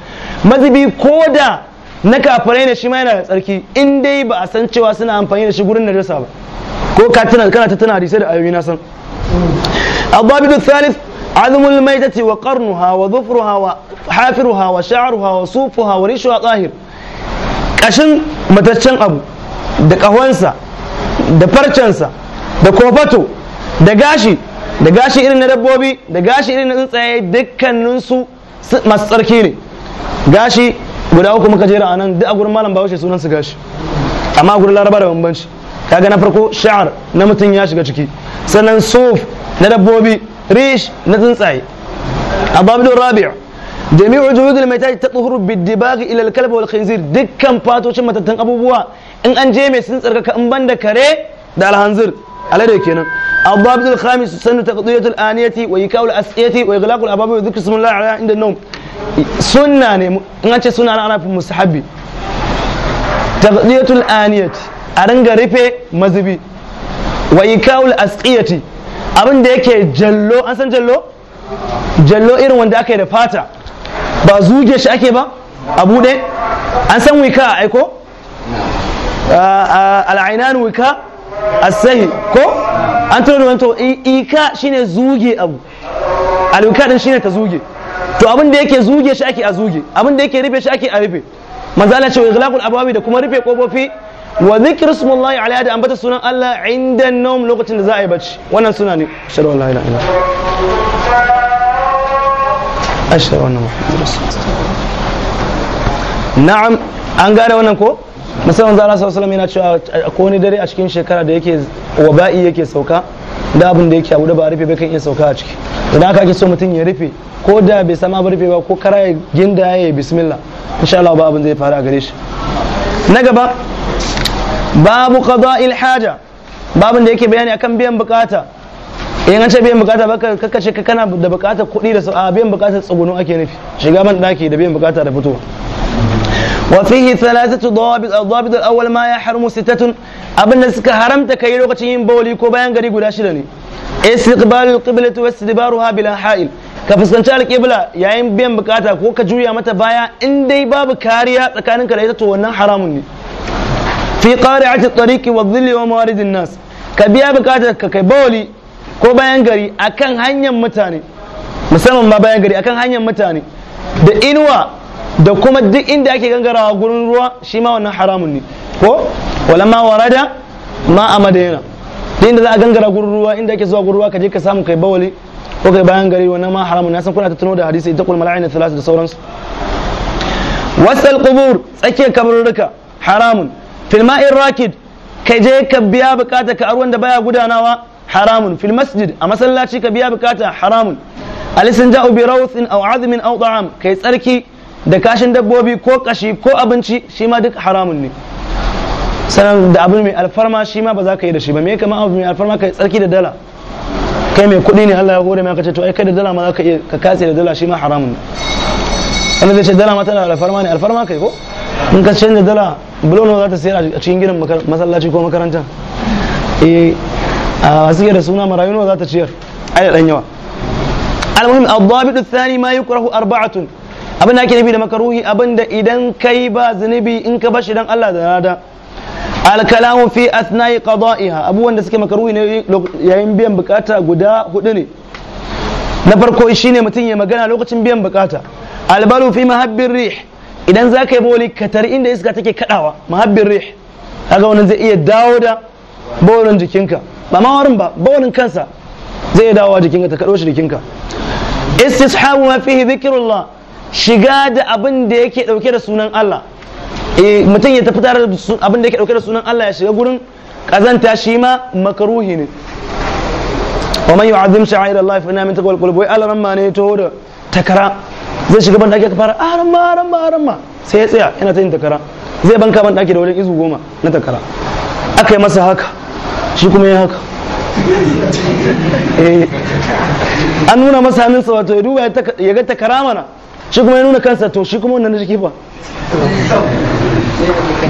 mazibi koda na kafare ne shi ma yana tsarki in dai ba a san cewa suna amfani da shi gurin najasa ba ko ka tana kana ta tana hadisi da ayoyi na san abbab al-thalith عظم الميتة وقرنها وظفرها hawa وشعرها وصوفها وريشها طاهر kashin mataccen abu da kahonsa. da farcensa da kofato da gashi da gashi irin na dabbobi da gashi irin na tsuntsaye dukkaninsu masu tsarki ne gashi guda uku muka jera a nan duk a gurin malam bahaushe sunan su gashi amma a gurin laraba da bambanci kaga na farko sha'ar na mutum ya shiga ciki sannan suf na dabbobi rish na tsuntsaye ababdul rabi'a jami'u juhudul mai ta tsuhuru bidibagi ilal kalba wal khinzir dukkan fatocin matattun abubuwa in an je mai sun tsarkaka in banda kare da alhanzir alade kenan الضابط taqdiyatul aniyati wa yakawul asiyati wa وإغلاق الأبواب wa dhikr الله ala inda النوم sunna ne in an ce suna ana fi musahabi taqdiyatul aniyati. a ringa rufe mazubi wa yakawul asiyati abin da yake jallo an san jallo jallo irin wanda aka yi da fata ba zuge shi ake ba a bude an san wika aiko al'ainan wika asahi ko an da wanto ika shine zuge abu alwika din shine ta zuge to abin da yake zuge shi ake a zuge abin da yake rufe shi ake a rufe manzo ce wa ighlaqul abwabi da kuma rufe kofofi wa dhikru smullahi alaiha da ambata sunan Allah inda nawm lokacin da za a yi bacci wannan suna ne shar la ilaha ashhadu anna rasulullah na'am an gane wannan ko musamman zara sallallahu alaihi yana cewa ko kone dare a cikin shekara da yake waba'i yake sauka da abin da yake abu da ba rufe bai kan iya sauka a ciki idan aka ake so mutum ya rufe ko da bai sama ba rufe ba ko kara ya ginda ya yi bismillah insha Allah ba abin zai faru a gare shi na gaba babu qada'il haja babin da yake bayani akan biyan bukata in an ce biyan bukata ba ka ce kana da bukata kuɗi da su a biyan bukata tsugunu ake nufi shiga ban daki da biyan bukata da fitowa وفيه ثلاثة ضوابط الضابط الأول ما يحرم ستة أبن سك حرمت كي لوكتين ين بولي كو بيان غري غدا شدني استقبال القبلة واستدبارها بلا حائل كفسكنت القبلة يا ين بيان بكاتا كو كجويا متى بايا إن دي باب كاريا تكانن كريتا تو wannan haramun ne fi qari'ati at-tariqi wadh-dhilli wa mawarid an-nas ka biya bukatar ka kai bawli ko bayan gari akan hanyar mutane da inuwa da kuma duk inda ake gangarawa gurin ruwa shi ma wannan haramun ne ko walamma warada ma a madaina. duk inda za a gangara gurin ruwa inda ake zuwa gurin ruwa ka je ka samu kai bawali ko kai bayan gari wannan ma haramun na san kuna tattauno da hadisi ita kul mala'ina thalath da sauransu wasal qubur tsakiyar kabarurruka haramun fil ma'in rakid ka je ka biya bukata ka arwan da baya gudanawa haramun fil masjid a masallaci ka biya bukata haramun alisan ja'u bi rawsin aw azmin aw ta'am kai tsarki da kashin dabbobi ko kashi ko abinci shi ma duk haramun ne sannan da abin mai alfarma shi ma ba za ka yi da shi ba me kama abu mai alfarma ka yi tsarki da dala kai mai kuɗi ne Allah ya hore mai kace to ai kai da dala ma za ka iya ka katse da dala shi ma haramun ne wanda zai ce dala ma tana da alfarma ne alfarma kai ko in ka da dala bulono za ta sayar a cikin gidan masallaci ko makaranta eh a wasu da suna marayuno za ta ciyar ai da dan yawa المهم الضابط الثاني ما يكره arba'atun abin da ake nufi da makaruhi abin da idan kai ba zunubi in ka bashi dan Allah da rada alkalamu fi asna'i qada'iha abubuwan da suke makaruhi ne yayin biyan bukata guda hudu ne na farko shine mutum ya magana lokacin biyan bukata albalu fi mahabbir rih idan za ka yi boli katar inda iska take kadawa mahabbir rih kaga wannan zai iya dawo da bolin jikinka ba ma warin ba bolin kansa zai dawo jikinka ta kado shi jikinka istishabu ma fihi dhikrullah shiga da abin da yake dauke da sunan Allah eh, mutum ya tafi tare da abin da yake dauke da sunan Allah ya shiga gurin kazanta shi ma makaruhi ne wa man yu'azzim sha'ir Allah fa inna min taqwal qulub wai Allah ramma ne to da takara zai shiga ban dake fara aramma ah, aramma aramma sai ya tsaya yana ta yin takara zai banka ban dake da wurin izu goma na takara aka yi masa haka shi kuma ya haka eh, an nuna masa hannunsa wato ya duba ya ga takara mana shi kuma ya nuna kansa to shi kuma wannan jiki ba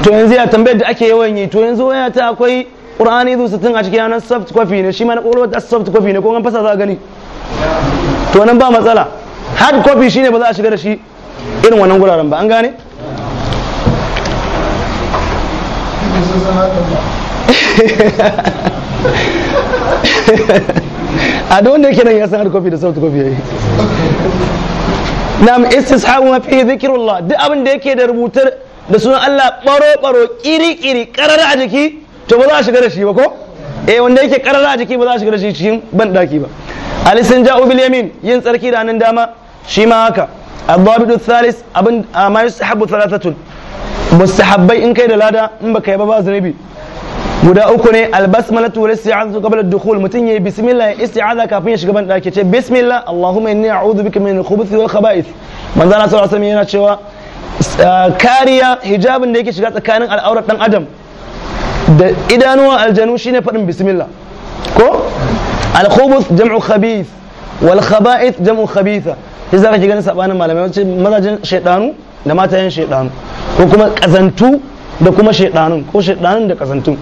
to yanzu ya tambayar da ake yawan yi to yanzu waya ta akwai qur'ani zu sittin a cikin yanar soft coffee ne shi ma na ƙoro soft coffee ne ko an fasa za a gani to nan ba matsala hard shi shine ba za a shiga da shi irin wannan guraren ba an gane [LAUGHS] a da wanda yake nan ya san hard coffee da soft copy yayi na'am istishabu ma fi zikrullah duk abin da yake da rubutar da sunan Allah baro baro kiri kiri karara a jiki to ba za a shiga da shi ba ko eh wanda yake karara a jiki ba za a shiga da shi cikin ban ba alisin ja'u bil yin tsarki da hannun dama shi ma haka الضابط الثالث abin mustahabbai in kai da lada in baka yi ba ba zunubi guda uku ne albasmala wal isti'aza qabla ad-dukhul mutun yayi bismillah isti'aza kafin ya shiga ban daki ce bismillah allahumma inni a'udhu bika min al-khubuth wal khaba'ith manzo Allah sallallahu alaihi yana cewa kariya hijabin da yake shiga tsakanin al'aurar dan adam da idanuwa aljanu shine fadin bismillah ko al-khubuth jam'u khabith wal khaba'ith jam'u khabitha shi zaka ki ganin sabanin malamai wace mazajin shaydanu da matayen shaydanu ko kuma kazantu da kuma shaiɗanu ko shaidanun da kazantun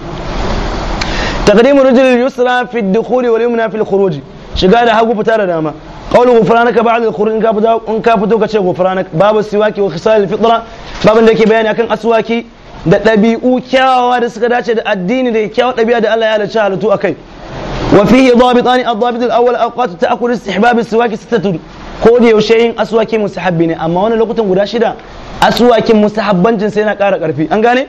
تقديم الرجل اليسرى في الدخول واليمنى في الخروج shiga da hagu fita da dama qawlu ghufranaka ba'da al-khuruj in ka fito in ka fito kace ghufranaka babu siwaki wa khisal al-fitra babin da yake bayani akan aswaki da dabi'u kyawawa da suka dace da addini da kyawawa dabi'a da Allah ya halarci halatu akai wa fihi dhabitan ad-dhabit al-awwal awqat ta'kul istihbab siwaki sittatu ko da yaushe yin aswaki mustahabbi ne amma wani lokutan guda shida aswakin mustahabbancin sai yana kara karfi an gane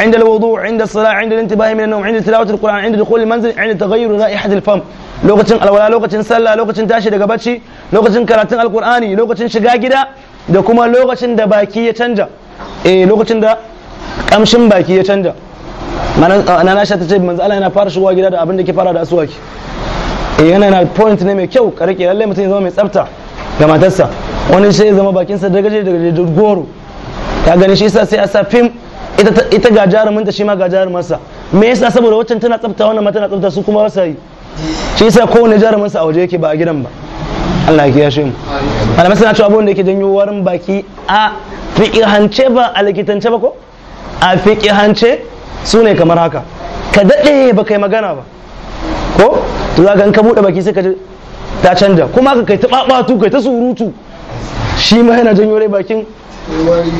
عند الوضوء عند الصلاة عند الانتباه من النوم عند تلاوة القرآن عند دخول المنزل عند تغير رائحة الفم لوكتين الولا لوكتين سلا لوكتين تاشي daga bacci lokacin karatun alqur'ani lokacin shiga gida da kuma lokacin da baki ya canja eh lokacin da kamshin baki ya canja mana na sha tace manzo Allah yana fara shigowa gida da abin da fara da asuwaki eh yana ne mai kyau karke lalle mutum ya zama mai tsafta ga matarsa wani sai ya zama bakinsa da gaje da goro ta gani shi yasa sai a sa film ita ga jaruminta shi ma ga sa me yasa saboda waccan tana tsafta wannan ma tana tsafta su kuma wasa yi shi yasa kowane sa a waje yake ba a gidan ba Allah ya shi mu malamai suna cewa abin da yake janyo warin baki a fiƙihance ba a likitance ba ko a fiƙihance su ne kamar haka ka daɗe ba kai magana ba ko to za ka in ka buɗe baki sai ka ji ta canja kuma ka kai ta ɓaɓatu kai ta surutu shi ma yana janyo rai bakin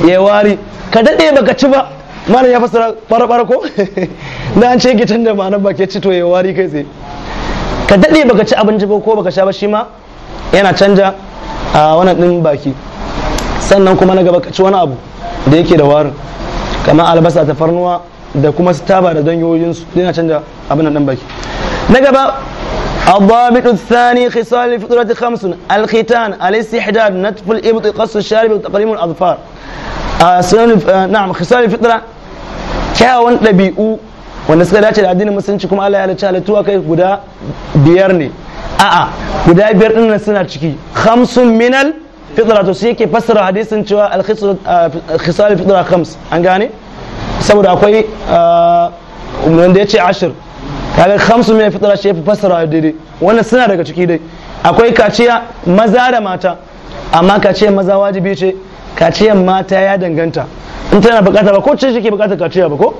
ya wari ka daɗe baka ci ba malam ya fassara bara ko [LAUGHS] na an ce gitan da ma'anar baki ya ci to ya wari kai tsaye ka daɗe baka ci abinci ba ko baka sha ba shi ma yana canja a wannan ɗin baki sannan kuma na gaba ka ci wani abu da yake da warin kamar albasa ta farnuwa da kuma taba da su yana canja abin nan baki na gaba الضابط الثاني خصال الفطرة خمس الختان الاستحداد نتف الإبط قص الشارب تقريم الأظفار آه آه نعم خصال الفطرة kyawun ɗabi'u wanda suka dace da addinin musulunci kuma Allah ya halicci halittu kai guda biyar ne a'a guda biyar ɗin nan suna ciki khamsun minal fitra to sai yake fassara hadisin cewa al uh, khisal fitra khams an gane saboda akwai uh, wanda ya ce ashir kaga khamsun minal fitra shi ya fassara daidai wannan suna daga ciki dai akwai kaciya maza da mata amma kaciyar maza wajibi ce kaciyar mata ya danganta in tana bukata ba ko ce shi ke bukatar kaciya ba ko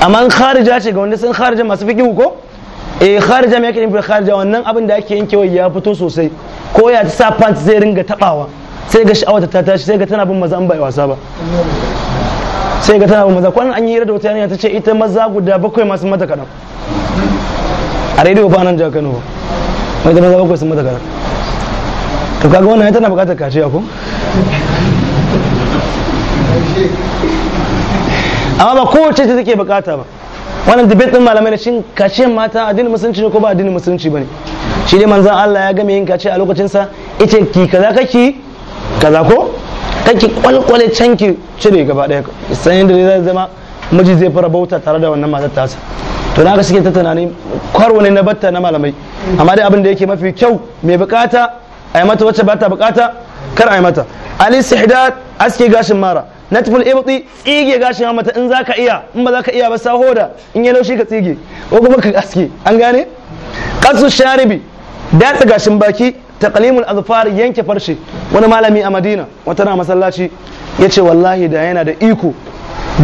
amma in kharija ce ga wanda sun kharija masu fiki ko eh kharija mai yake nufin kharija wannan abin da ake yankewa ya fito sosai ko ya sa pant zai ringa tabawa sai ga sha'awata ta tashi sai ga tana bin maza an bai wasa ba sai ga tana bin maza kwanan an yi rada wata yanayi ta ce ita maza guda bakwai masu mata kaɗan a rediyo ba nan jaka nufa ba mai da maza bakwai sun mata kaɗan to kaga wannan tana bukatar kaciya ko amma ba kowace ce take bukata ba wannan debate din malamai shin kashe mata addinin musulunci ne ko ba addinin musulunci bane shi dai manzon Allah ya game yin kace a lokacin sa yace ki kaza kake kaza ko kake kwalkwale canki cire gaba daya san yadda zai zama miji zai fara bauta tare da wannan matar tasa to na ga suke ta tunani kwarwa ne na batta na malamai amma dai abin da yake mafi kyau mai bukata a yi mata wacce ba ta bukata kar a yi mata al aske gashin mara natful ibti tsige gashin hamata in zaka iya in ba zaka iya ba saho da in ya laushi ka tsige ko kuma ka aske an gane qasu sharibi datsa gashin baki taqlimul azfar yanke farshe wani malami a Madina wata na masallaci yace wallahi da yana da iko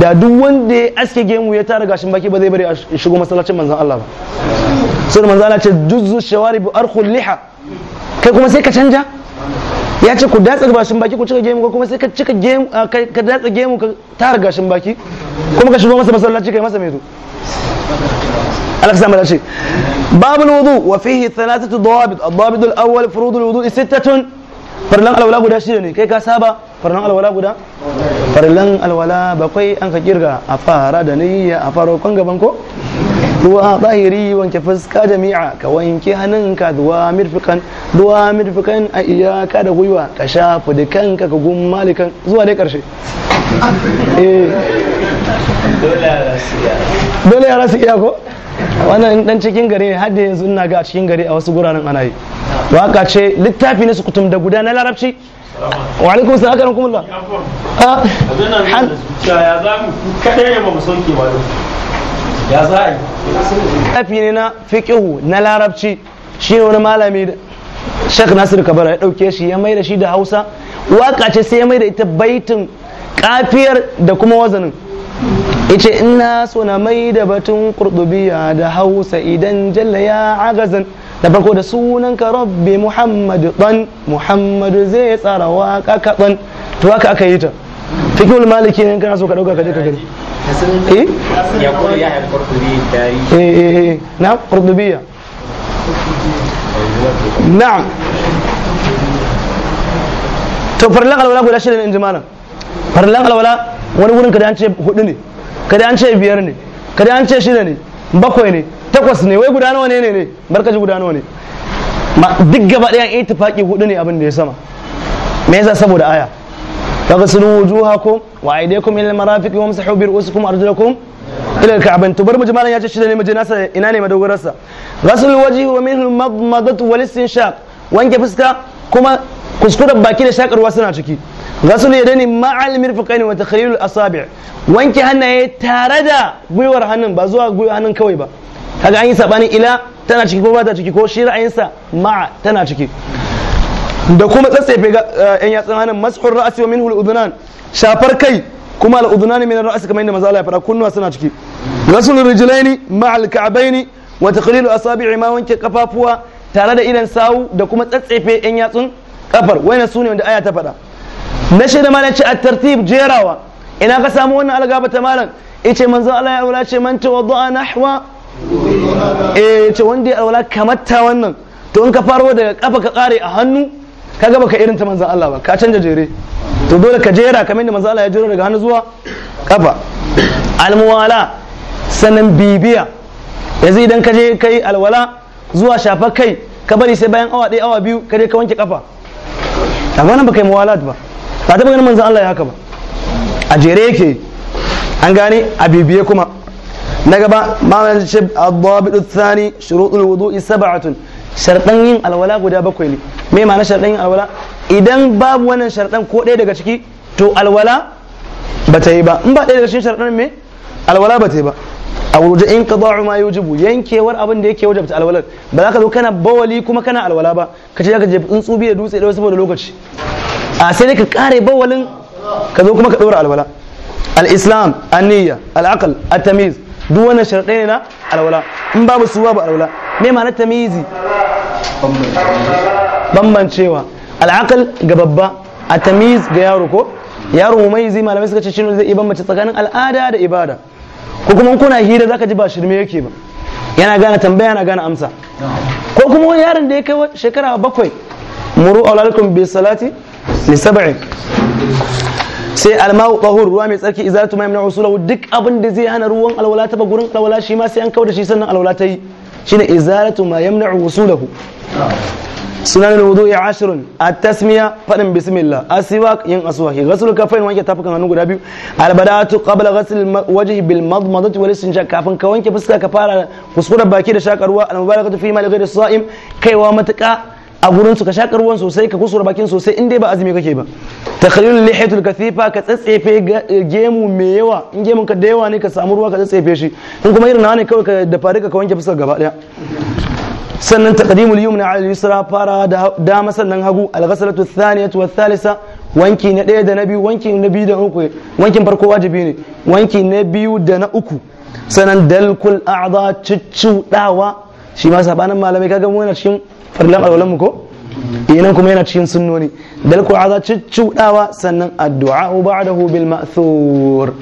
da duk wanda ya aske gemu ya tara gashin baki ba zai bari a shigo masallacin manzon Allah ba sai manzon Allah ce juzzu shawaribu arkhul liha kai kuma sai ka canja ya ce ku datsa gashin baki ku cika gemu kuma sai ka cika gemu ah, ka datsa gemu ka tara gashin baki kuma ka shigo masa masallaci kai masa meto alaka sama dace babul wudu wa fihi thalathatu dawabit ad-dawabit al-awwal furud al-wudu sittatun farlan alwala guda shida ne kai ka saba farlan alwala guda farlan alwala bakwai an ka kirga a fara da niyya a farokon gaban ko ruwa zahiri wanke fuska jami'a ka wanke hannunka duwa mirfikan duwa mirfikan a iyaka da gwiwa ka shafa da kanka ka gun malikan zuwa dai karshe eh. dole ya rasu iya ko wannan dan cikin gari ne hadda yanzu ina ga a cikin gari a wasu guraren ana yi to haka ce littafi ne su kutum da guda na larabci wa alaikum salam akaran kumullah a zan ya za mu kadai ne ba mu sauke ba ya za yi littafi ne na fiqhu na larabci ne wani malami Sheikh Nasir Kabara ya dauke shi ya mai da shi da Hausa waka ce sai ya mai da ita baitin kafiyar da kuma wazanin ce ina so na mai da batun kurdubiya da hausa idan jalla ya agazan da farko da sunanka rabbi muhammadu ɗan muhammadu zai tsara waka kaɗan to haka aka yi ta fikul maliki ne kana so ka ɗauka ka je ka gani eh, eh, eh, eh. na kurdubiya Na? to farlan alwala guda shida ne in ji malam farlan alwala wani wurin kada an ce hudu ne kada an ce biyar ne kada an ce shida ne bakwai ne takwas ne wai guda nawa ne ne ne barkaji guda nawa ne duk gaba ɗaya ittifaqi hudu ne abin da ya sama me yasa saboda aya wa فاغسلوا وجوهكم وايديكم الى المرافق وامسحوا برؤوسكم وارجلكم الى الكعبين تبر مجمالا يا shida ne nasa ina ne madogararsa wa minhu madmadatu wal istinshaq wanke fuska kuma kuskuren baki da shakar suna ciki غسل اليدين مع المرفقين وتخليل الاصابع wanke hannaye tare da gwiwar hannun ba zuwa gwiwar hannun kawai ba kaga an yi sabani ila tana ciki ko ba ta ciki ko shi ra'ayinsa ma'a tana ciki da kuma tsatsefe yan yatsun hannun mashur ra'asi wa minhu al shafar kai kuma al-udunan min ar-ra's kamar yadda manzo Allah ya fara kunnuwa suna ciki rasul rijlaini ma'al ka'baini wa taqlilu asabi'i ma wanke kafafuwa tare da idan sawu da kuma tsatsefe yan yatsun kafar wayannan sune wanda aya ta faɗa na shaida malam ce a tartib jerawa ina ka samu wannan algaba ta malam yace manzo Allah ya aura ce man tawadda'a nahwa eh yace wanda ya aura kamar ta wannan to in ka faro daga kafa ka kare a hannu ka gaba ka irin ta manzo Allah ba ka canja jere to dole ka jera kamar yadda manzo Allah ya jero daga hannu zuwa kafa almuwala sanan bibiya yanzu idan ka je kai alwala zuwa shafa kai ka bari sai bayan awa ɗaya awa biyu ka je ka wanke kafa a ba nan ba yi muwalat ba ba taɓa ganin manzan Allah ya haka ba a jere yake an gane a bibiye kuma na gaba ma ma'anar ce adabidu tsani shuruɗul wudu'i sab'atun sharɗan yin alwala guda bakwai ne me ma'ana sharɗan yin alwala idan babu wannan sharɗan ko ɗaya daga ciki to alwala ba ta yi ba in ba ɗaya daga cikin sharɗan me alwala ba ta yi ba a wurje in qada'u ma yujibu yankewar abin da yake wajabta alwalar ba za ka zo kana bawali kuma kana alwala ba ka ce ka je tsuntsu biya dutse da wasu saboda lokaci a sai ka kare bawalin ka zo kuma ka ɗora alwala al-islam an-niyya al-aql at duk wannan sharɗai ne na alwala in babu su babu alwala me ma'anar tamizi bambancewa al ga babba at tamiz ga yaro ko yaro mu zai malamai suka ce shi zai iya bambance tsakanin al'ada da ibada ko kuma kuna hira zaka ji ba shirme yake ba yana gane tambaya yana gane amsa ko kuma wani yaron da ya kai shekara bakwai muru alaikum bi salati li sai alma'u tahur ruwa mai tsarki izatu mai yamna'u sulahu duk abin da zai hana ruwan alwala ta ba gurin alwala shi ma sai an kawar da shi sannan alwala ta yi shine izalatu ma yamna'u wusulahu sunan wudu'i ashrun at-tasmiya fadin bismillah asiwak yin aswaki ghusl kafain wanke tafukan hannu guda biyu albada'atu qabla ghusl wajhi bil madmadati wal istinja kafin ka wanke fuska ka fara kuskuren baki da shakar ruwa al mubarakatu fi ma li ghayri sa'im kaiwa matuka a gurin su ka shakar ruwan sosai ka kusura bakin sosai in dai ba azumi kake ba takhlilul lihatul kathifa ka tsatsefe gemu mai yawa in gemu ka da yawa ne ka samu ruwa ka tsatsefe shi in kuma irin nawa ne kawai ka da fari ka wanke fuskar gaba daya sannan taqdimul yumna ala yusra fara da dama sannan hagu al-ghasalatu thaniyatu wa wanki na daya da na biyu wanki na biyu da uku wankin farko wajibi ne wanki na biyu da na uku sannan dalkul a'dha dawa shi ma sabanin malamai kaga mu yana cikin farlan alwalan mu ko eh, nan kuma yana cikin sunnoni dal ku'aza cuccudawa sannan addu'a ba'dahu bil ma'thur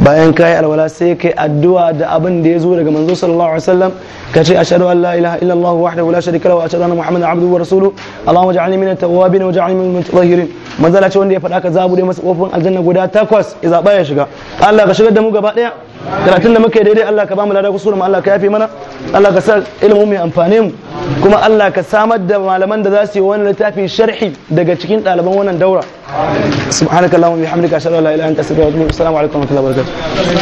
bayan kai alwala sai kai addu'a da abin da yazo daga manzo sallallahu alaihi wasallam kace ashhadu an la ilaha illa allah wahdahu la sharika lahu wa ashhadu anna muhammadan abduhu wa rasuluhu allahumma ij'alni min at-tawwabin wa ij'alni min al-mutatahhirin manzo ce wanda ya faɗa ka zabu dai masa kofin aljanna guda takwas idan ya shiga Allah ka shigar da mu gaba daya karatun da muka yi daidai Allah ka ba mu lada kusur mu Allah ka yafe mana Allah ka sa ilimin mai amfane mu kuma Allah ka samar da malaman da za su yi wani littafin sharhi daga cikin ɗaliban wannan daura subhanakallahumma bihamdika ashhadu an la ilaha illa anta astaghfiruka wa atubu ilaik assalamu alaikum wa rahmatullahi wa barakatuh